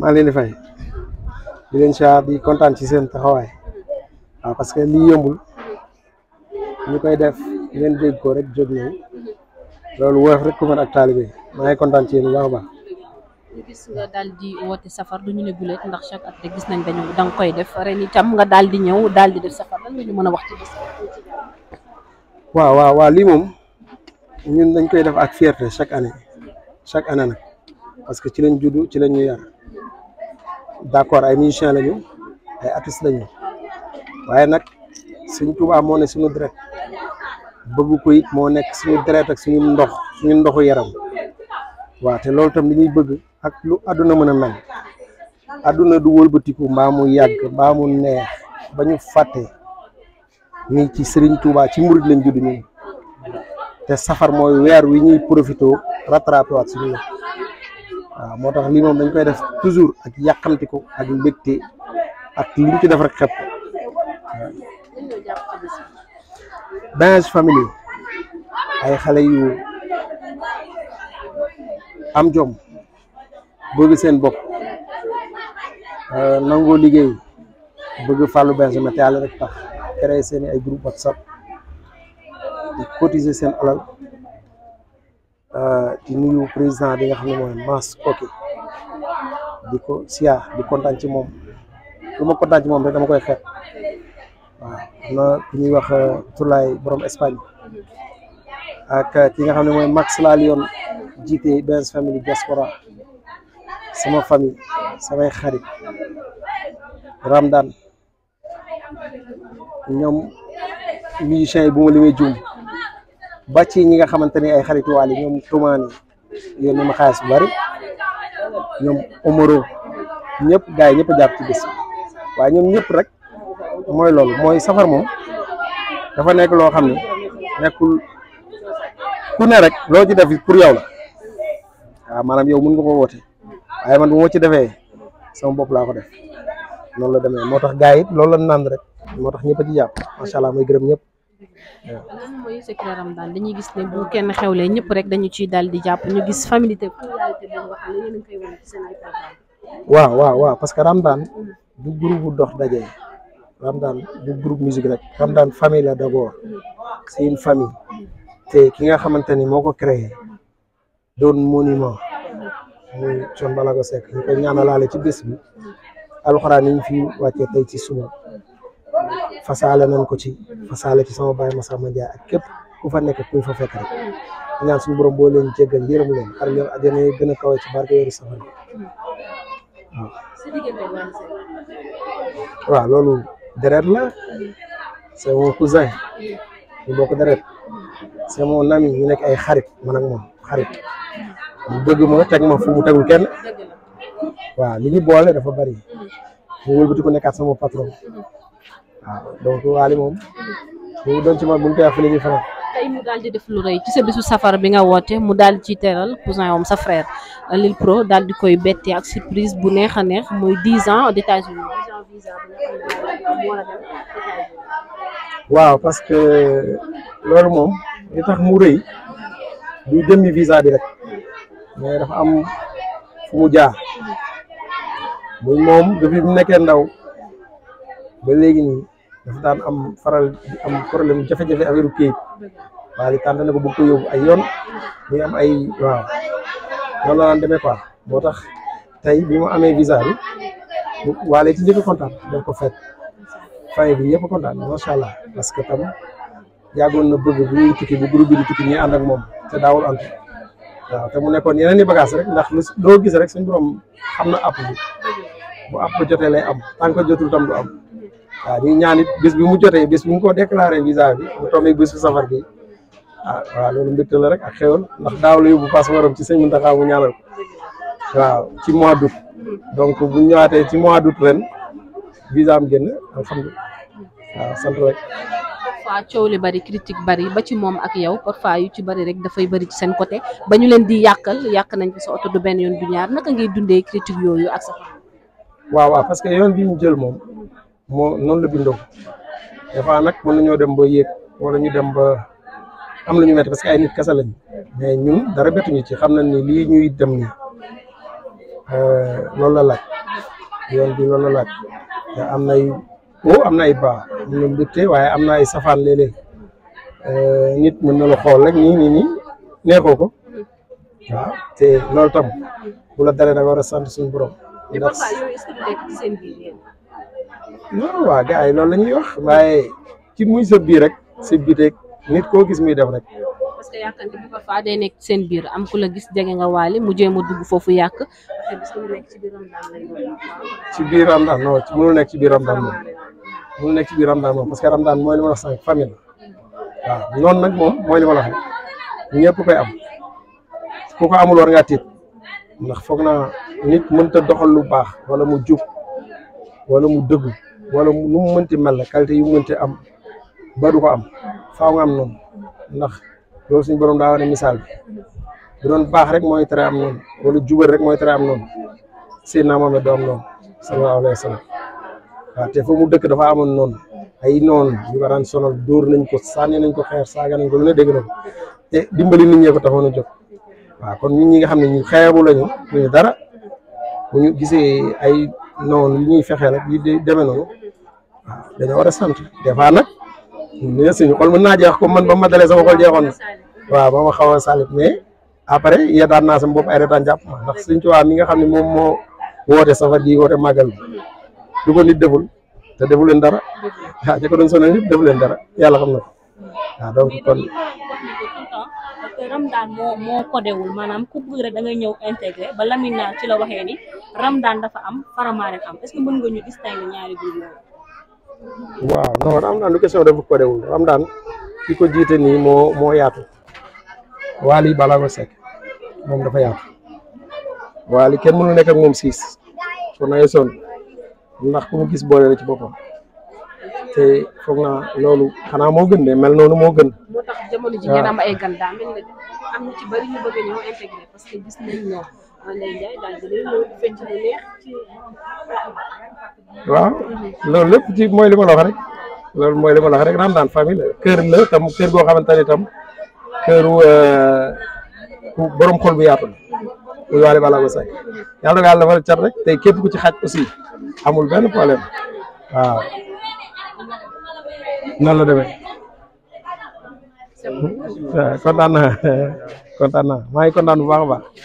maa leen di fay di leen siyaar di kontaan ci seen taxawaay waaw parce que lii yombul ñu koy def ngeen dégg ko rek jóg nañ loolu woyof rek ku mën ak taalibe maa ngi kontaan ci yéen bu baax a baax. ñu safar du ñu ndax rek gis nañ dañu da nga koy nga daal di ñëw daal di def safar lan la ñu mën a wax ci bés. waaw waa waaw lii moom ñun dañ koy def ak fierté chaque année chaque année nag. parce que ci lañ juddu ci lañ ñu yar d'accord ay musiciens lañu ay artistes lañu waaye nag suñ Tuubaa moo ne suñu deret bëgg ko it moo nekk suñu deret ak suñu ndox ñu ndoxu yaram waaw te loolu tam li ñuy bëgg ak lu àdduna mën a mel àdduna du wëlbatiku mbaa mu yàgg mbaa mu neex ba ñu fàtte ni ci sëriñ Tuubaa ci murid lañ judd ñun te safar mooy weer wi ñuy profité rattrapé waat suñu waaw moo tax lii moom dañ koy def toujours ak yàqanti ko ak mbégte ak liñ ci def rek xepp benn famille ay xale yu am jom bëgg seen bopp euh, nangoo liggéey bëgg fàllu benn te yàlla rek tax créer seen ay groupe WhatsApp di cotiser seen alal Euh, di nuyu président bi nga xam ne mooy Mass Koki di ko siyaa di kontaan ci moom lu ma kontaan ci moom rek dama koy xeeb waaw am na ku ñuy wax euh, Tourlaay borom Espagne ak euh, ki nga xam ne mooy Max Lalion jiite Benz Family Diaspora sama famille samay xarit Ramdan ñoom musiciens yi bu ma limee juum ba ci ñi nga xamante ni ay xaritu Wally ñoom tumaani yónni ma xaalis bu bari ñoom Omaro ñëpp gars yi ñëpp a jàpp ci bés waaye ñoom ñëpp rek mooy loolu mooy safar moom dafa nekk loo xam ne nekkul ku ne rek loo ci def pour yow la waaw maanaam yow mun nga ko woote waaye man bu ma ci defee sama bopp laa ko def noonu la demee moo tax gars yi it loolu la nand rek moo tax ñëpp a ci jàpp macha allah may gërëm ñëpp. lan mooy secret dañuy gis ne bu kenn xewlee ñëpp rek dañu ci daal di jàpp ñu gis familiarité pluralité bi nga xam ne yéen parce que Ramadan du bu dox daje Ramadan du groupe musique rek Ramadan famille la d'abord c'est une famille te ki nga xamante ni moo ko créé doon monument muy Thione Ballago Seck ñu koy ñaanalaale ci bés bi alxuraan yi fi wàccee tey ci suba. fasaale nañ ko ci fasaale ci sama baay Massamba Ndiaye ak képp ku fa nekk ku fa fekk rek ñaan suñu borom boo leen jéggal yërëm leen xar leen àjjana a kawe ci barke weeru waaw. waaw loolu deret la c'est mon cousin ñu bokk deret c'est mon ami ñu nekk ay xarit man ak moom xarit mu bëgg ma teg ma fu mu tegul kenn waaw li ñu boole dafa bari mu wëlbati ko nekkaat sama patron. waaw ah, donc Waly moom bu doon ci man bu ñu koy wax fi la ñuy faral. tey mu daal di def lu rëy ci sa bisu safar bi nga woote mu daal di ci teral cousin am sa frère Lil Pro daal di koy bette ak surprise bu neex a neex mooy dix ans aux États-Unis waaw parce que loolu moom li tax mu rëy du jëmmi visa bi rek mais nekkee ndaw. ba léegi nii dafa daan am faral am problème jafe-jafe affaire kayit Wally tànn na ko bëgg ko yóbbu ay yoon muy am ay waaw loolu la daan demee quoi moo tax tey bi mu amee visa bi Wally ci njëkk kontaan daf ko fekk bi yëpp kontaan macha allah parce que tam yàggoon na bëgg bu ñuy tukki bu groupe bi di tukki ñuy ak moom te daawul ànd waaw te mu nekkoon yeneen i bagage rek ndax loo gis rek suñu borom xam na app bu app jotee lay am tant que jotul tam du am. waaw di ñaan it bis bi mu jotee bis bi mu ko déclaré visa bi mu tombé bisu safar gi ah waaw loolu mbégte la rek ak xéwal ndax daaw la yóbbu passeport am ci sëñ Mountakha mu ñaanal ko waaw ci mois d'août donc bu ñëwaatee ci mois d'août ren visa am génn alhamdulilah waaw li bari critique bari ba ci moom ak yow parfois yu ci bari rek dafay bari ci seen côté ba ñu leen di yàqal yàq nañ ko sa oto benn yoon du ñaar naka ngay dundee critique yooyu ak sa. waaw waaw parce que yoon bi ñu jël moom. moo noonu la bindoo des fois nag mën nañoo dem ba yéeg wala ñu dem ba am lu ñu metti parce que ay nit kese lañ mais ñun dara bettuñu ci xam nañ ni lii ñuy dem nii euh, loolu la laaj yoon bi loolu la laaj te am nay haut am na ay ba am na waaye am na ay safaan léeg-léeg euh, nit mën na la xool rek nii nii nii neexoo ko te loolu tam bu la daree da nga war a sant suñu borom. non waa gars yi loolu la ñuy wax waaye ci muy sa biir rek sa biir rek nit koo gis muy def rek. parce que faa day nekk seen biir am ku la gis jege nga waali mu jéem mu dugg foofu yàq. ci biir Ramdaan non mënul nekk ci biir Ramdaan moom. mënul nekk ci biir Ramdaan moom parce que Ramdaan mooy li ma la wax famille waaw noonu nag moom mooy li ma la wax ñëpp koy am ku ko amul war ngaa ndax foog naa nit mënta doxal lu baax wala mu jub wala mu dëggu. wala nu mu mënti mel qualité yu mu mënti am ba du ko am faaw am noonu ndax loolu suñu borom daa wane misaal baax rek mooy tere am noonu wala jubal rek mooy tere am noonu Seydina Mohamed doo am noonu sallallahu alayhi wa sallam waaw te fa mu dëkk dafa amoon noonu ay noon yu ko daan nañ ko sànni nañ ko xeer saaga nañ ko lu ne dégg na ko te dimbali nit ñee ko taxoon a jóg waaw kon nit ñi nga xam ne ñu xeebu lañu ñu dara bu gisee ay. noonu ñuy fexe nag yi di demee noonu waaw dañoo war a sant des fois nag ñun suñu xol mën naa jeex comme man ba ma dalee sama xol jeexoon na waaw ba ma xaw a salit mais après yeetaan naa sama bopp ay retaan jàpp ma ndax suñ tubaab mi nga xam ne moom moo woote safar gi woote màggal bi du ko nit deful te defu leen dara a ah, ñi ko doon sonal nit defu leen dara yàlla xam na ko waaw ah, donc kon. Ramdan moo moo kodewul maanaam ku bëgg rek da ñëw intégré ba mi naa ci la waxee ni Ramdan dafa am Faramaren am est-ce que mën nga ñu distinguer ñaari groupe yooyu. waaw non Ramdan du question dafa kodewul Ramdan ki ko jiite nii moo moo yaatu. Waly Balago Seck moom dafa yaatu. Waly kenn mënul nekk ak moom siis. su nay son ndax ku mu gis boole la ci boppam. te foog naa loolu xanaa moo gën de mel noonu moo gën. moo waaw loolu lépp ci mooy li ma la rek loolu mooy li ma la wax rek Ramadane famille la kër la tam kër goo xamante ne tam këru euh, borom xol bu yaatu la. muy waale balaa ba say yàlla na yàlla defal rek tey képp ku ci xaj aussi amul benn problème noonu la demee kontaan naa kontaan naa bu baax a baax.